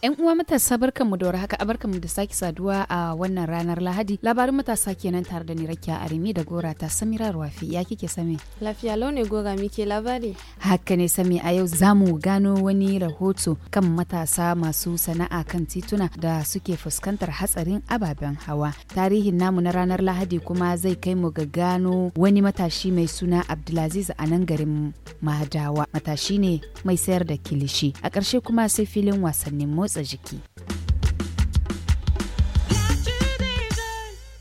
'Yan uwa matasa mu da warhaka mu da sake saduwa a wannan ranar Lahadi. Labarin matasa kenan tare da ni Rakiya Arimi da Gora ta Samira Rafi. Ya kike same? Lafiya launi Gora muke labari. Haka ne same a yau zamu gano wani rahoto kan matasa masu sana'a kan tituna da suke fuskantar hatsarin ababen hawa. Tarihin namu na ranar Lahadi kuma zai kai mu ga gano wani matashi mai suna Abdulaziz a nan garin Mahadawa. Matashi ne mai sayar da kilishi. A ƙarshe kuma sai filin wasannin motsa motsa jiki.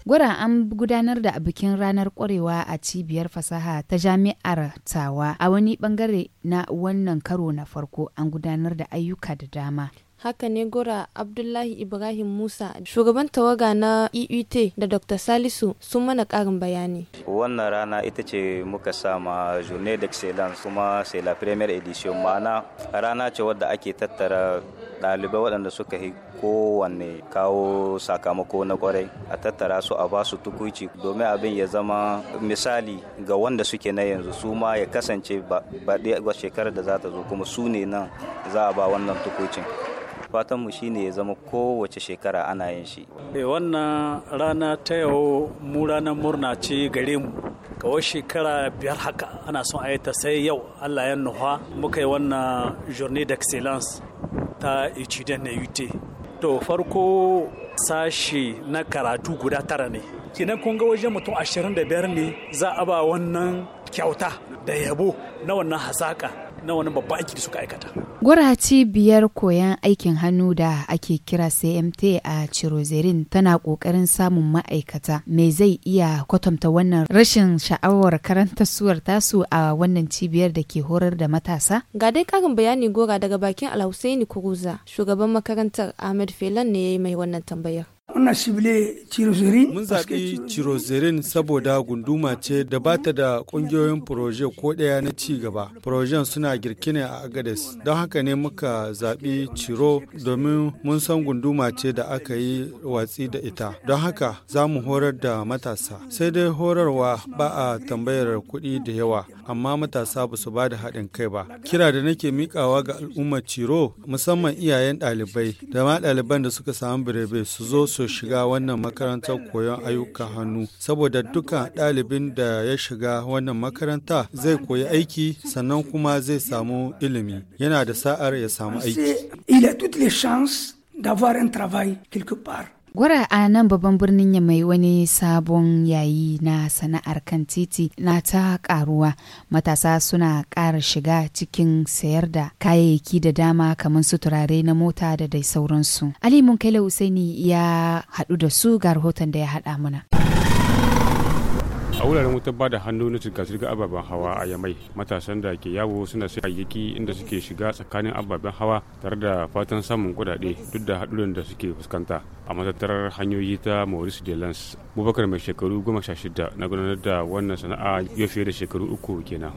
Gwara an gudanar da bikin ranar ƙwarewa a cibiyar fasaha ta jami'ar Tawa a wani bangare na wannan karo na farko an gudanar da ayyuka da dama. haka ne gora abdullahi ibrahim musa shugaban tawaga na eut e da dr salisu sun mana karin bayani wannan rana ita ce muka sama journée d'excellence kuma c'est la première edition ma'ana rana ce wadda ake tattara ɗalibai waɗanda suka yi kowanne kawo sakamako na kwarai a tattara su a ba su tukuci domin abin ya zama misali ga wanda suke na yanzu su ma ya kasance ba shekarar da za ta zo kuma su ne nan za a ba wannan tukucin fatan mu ne ya zama kowace shekara ana yin shi eh, wannan rana ta yau mu ranar murna ce gare mu kawai shekara biyar haka ana son a sai yau Allah ya nuha muka yi wannan journée d'excellence ta Ichidan na UT to farko sashi na karatu guda tara ne kinan kun ga wajen mutum 25 ne za a ba wannan kyauta da yabo na wannan hasaka na wani babban aiki da suka aikata Gurace biyar koyan aikin hannu da ake kira CMT a Cirozerin tana ƙoƙarin samun ma'aikata. Me zai iya kwatanta wannan rashin sha'awar karanta suwar tasu a wannan cibiyar da ke horar da matasa? Ga dai ƙarin bayani gora daga bakin Alhussaini Kuruza, shugaban makarantar Ahmed Felan ne ya yi mai wannan tambayar. Mun zaɓi cirozerin saboda gunduma ce da ba ta da ƙungiyoyin proje ko ɗaya na ci gaba. Projen suna girki ne a Agades. Don haka ne muka zaɓi ciro domin mun san gunduma ce da aka yi watsi da ita. Don haka za mu horar da matasa. Sai dai horarwa ba a tambayar kuɗi da yawa, amma matasa ba su ba da haɗin kai ba. Kira da nake miƙawa ga al'ummar ciro musamman iyayen ɗalibai da ma ɗaliban da suka samu birebe su zo su shiga wannan makarantar koyon ayyukan hannu saboda duka ɗalibin da ya shiga wannan makaranta zai koyi aiki sannan kuma zai samu ilimi yana da sa'ar ya samu aiki. Il a toutes les chances Wara a nan babban birnin ya mai wani sabon yayi na sana'ar kan titi na ta karuwa matasa suna ƙara shiga cikin sayar da kayayyaki da dama kamar su turare na mota da dai sauransu. Ali Munkele Usaini ya haɗu da su ga rahoton da ya haɗa mana. a wuraren wutar ba da hannu na zirga-zirga ababen hawa a yamai matasan da ke yawo suna sai ayyuki inda suke shiga tsakanin ababen hawa tare da fatan samun kudade duk da haɗurin da suke fuskanta a matattarar hanyoyi ta maurice de lance bubakar mai shekaru goma sha shida na gudanar da wannan sana'a ya fiye da shekaru uku kenan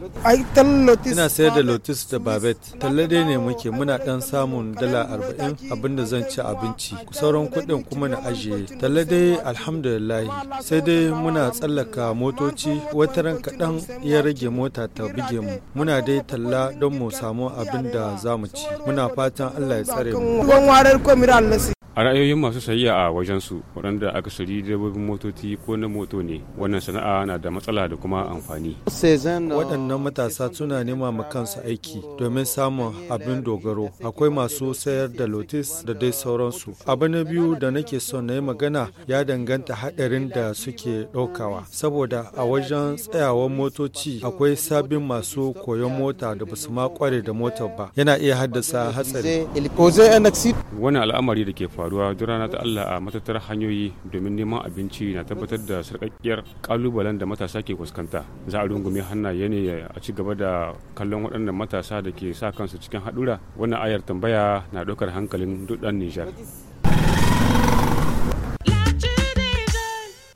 ina sayar da lotus da babet talle dai ne muke muna dan samun dala arba'in abinda zan ci abinci sauran kuɗin kuma na ajiye talle dai alhamdulillah sai dai muna tsallaka mota motoci ran kaɗan ya rage mota ta buge mu muna dai talla don mu samu abin da za mu ci muna fatan allah ya tsare mu a ra'ayoyin masu sayayya a wajensu waɗanda akasari dabbobin motoci ko na moto ne wannan sana'a na da matsala da kuma amfani waɗannan matasa suna nema ma kansu aiki domin samun abin dogaro akwai masu sayar da lotis da dai sauransu abu na biyu da nake son na yi magana ya danganta haɗarin da suke ɗaukawa saboda a wajen tsayawar motoci akwai sabbin masu koyon mota da basu ma kware da motar ba yana iya haddasa hatsari wani al'amari da ke faruwa duk rana ta Allah a matattar hanyoyi domin neman abinci na tabbatar da sarƙaƙƙiyar ƙalubalen da matasa ke fuskanta. Za a rungume hannaye ne a ci gaba da kallon waɗannan matasa da ke sa kansu cikin haɗura. Wannan ayar tambaya na ɗaukar hankalin duk ɗan Nijar.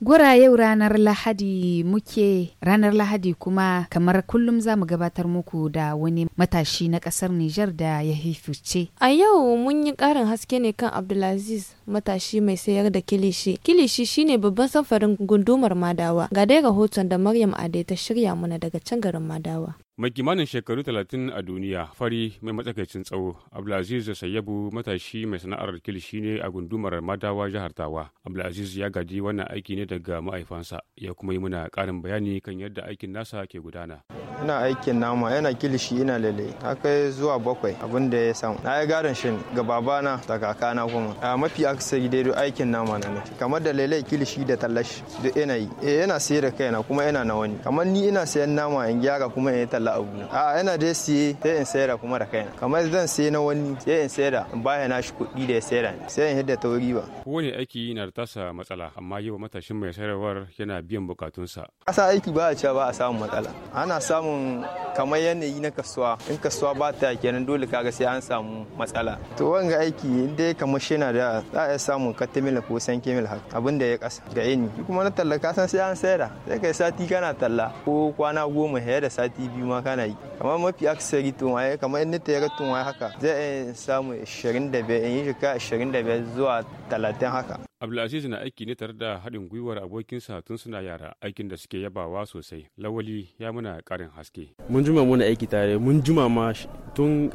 Gura yau ranar Lahadi muke ranar Lahadi kuma kamar kullum za mu gabatar muku da wani matashi na kasar Nijar da ya hifice. A yau mun yi karin haske ne kan Abdulaziz matashi mai sayar da kilishi. Kilishi shine babban samfarin gundumar Madawa. Ga dai rahoton da Maryam Ade ta shirya mana daga can garin Madawa. mai kimanin shekaru talatin a duniya fari mai matsakaicin tsawo abdulaziz sayyabu matashi mai sana'ar kilishi ne a gundumar madawa jihar tawa abdulaziz ya gaji wannan aiki ne daga ma'aifansa ya kuma yi muna ƙarin bayani kan yadda aikin nasa ke gudana ina aikin nama yana kilishi ina lele haka zuwa bakwai abin da ya samu na yi gadon shi ga babana da kakana kuma a mafi akasari dai aikin nama na ne kamar da lele kilishi da tallash duk ina yi eh yana sayar da kaina kuma yana na wani kamar ni ina sayan nama in gyara kuma in yi talla abu a yana dai siye sai in sayar kuma da kaina kamar zan sayi na wani sai in sayar in baya na shi kuɗi da ya sayar sai in hidda wuri ba kowane aiki yana da tasa matsala amma yau matashin mai sayarwar yana biyan bukatunsa kasa aiki ba a ba a samun matsala ana samun samun kamar yanayi na kasuwa in kasuwa ba ta kenan dole kaga sai an samu matsala to wanga aiki inda ya kamar shina da za a samun katamila ko san kemil haka abinda da ya kasa ga yini kuma na talla ka san sai an sayar sai kai sati kana talla ko kwana goma ya da sati biyu ma kana yi kamar mafi aksari to ma kamar in ta yaga to haka zai samu 25 in yi shika 25 zuwa 30 haka Abdulaziz na aiki ne tare da haɗin gwiwar abokinsa tun suna yara aikin da suke yabawa sosai. Lawali ya muna ƙarin haske. Mun juma muna aiki tare, mun juma ma tun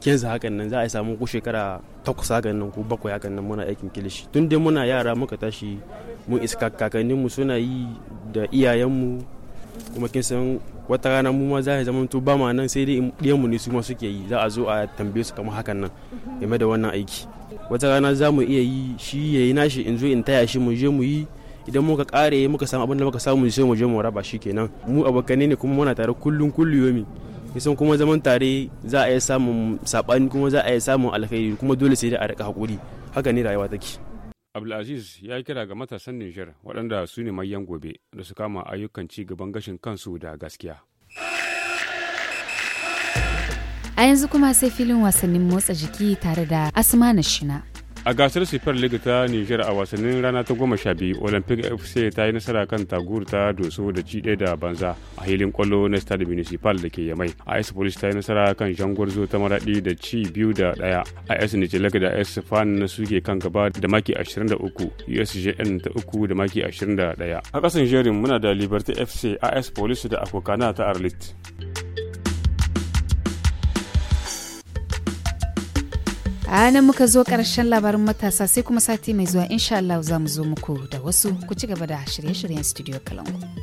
kenza hakan nan za a samu ku shekara takwas hakan nan ko bakwai hakan nan muna aikin kilishi. Tun dai muna yara muka tashi mun iska kakanninmu suna yi da iyayenmu kuma kin san wata rana mu ma za a zama ba ma nan sai dai ɗiyan mu ne su ma suke yi za a zo a tambaye su kamar hakan nan game da wannan aiki wata rana za mu iya yi shi ya yi nashi in zo in taya shi mu je mu yi idan muka kare muka samu abin da muka samu sai mu je mu raba shi kenan mu abokanai ne kuma muna tare kullun kulliyomi kisan kuma zaman tare za a iya samun sabani kuma za a iya samun alkhairi kuma dole sai da a rika hakuri haka ne rayuwa take Abdulaziz ya yi kira ga matasan Nijar waɗanda su ne manyan gobe da su kama ayyukan ci gaban gashin kansu da gaskiya. A yanzu kuma sai filin wasannin motsa jiki tare da Asma na Shina. a gasar super league ta niger a wasannin rana ta goma sha biyu olympic fc ta yi nasara kan tagur ta doso da ci da banza a hilin kwallo na stade municipal da ke yamai is police ta yi nasara kan jangwarzo ta maradi da ci biyu da daya is nijilak da is fan na suke kan gaba da maki 23 usjn ta uku da maki 21 a kasan jerin muna da liberty fc is police da akokana ta arlit a nan muka zo ƙarshen labarin matasa sai kuma sati mai zuwa insha Allah za mu zo muku da wasu ku ci gaba da shirye-shiryen studio kalangu.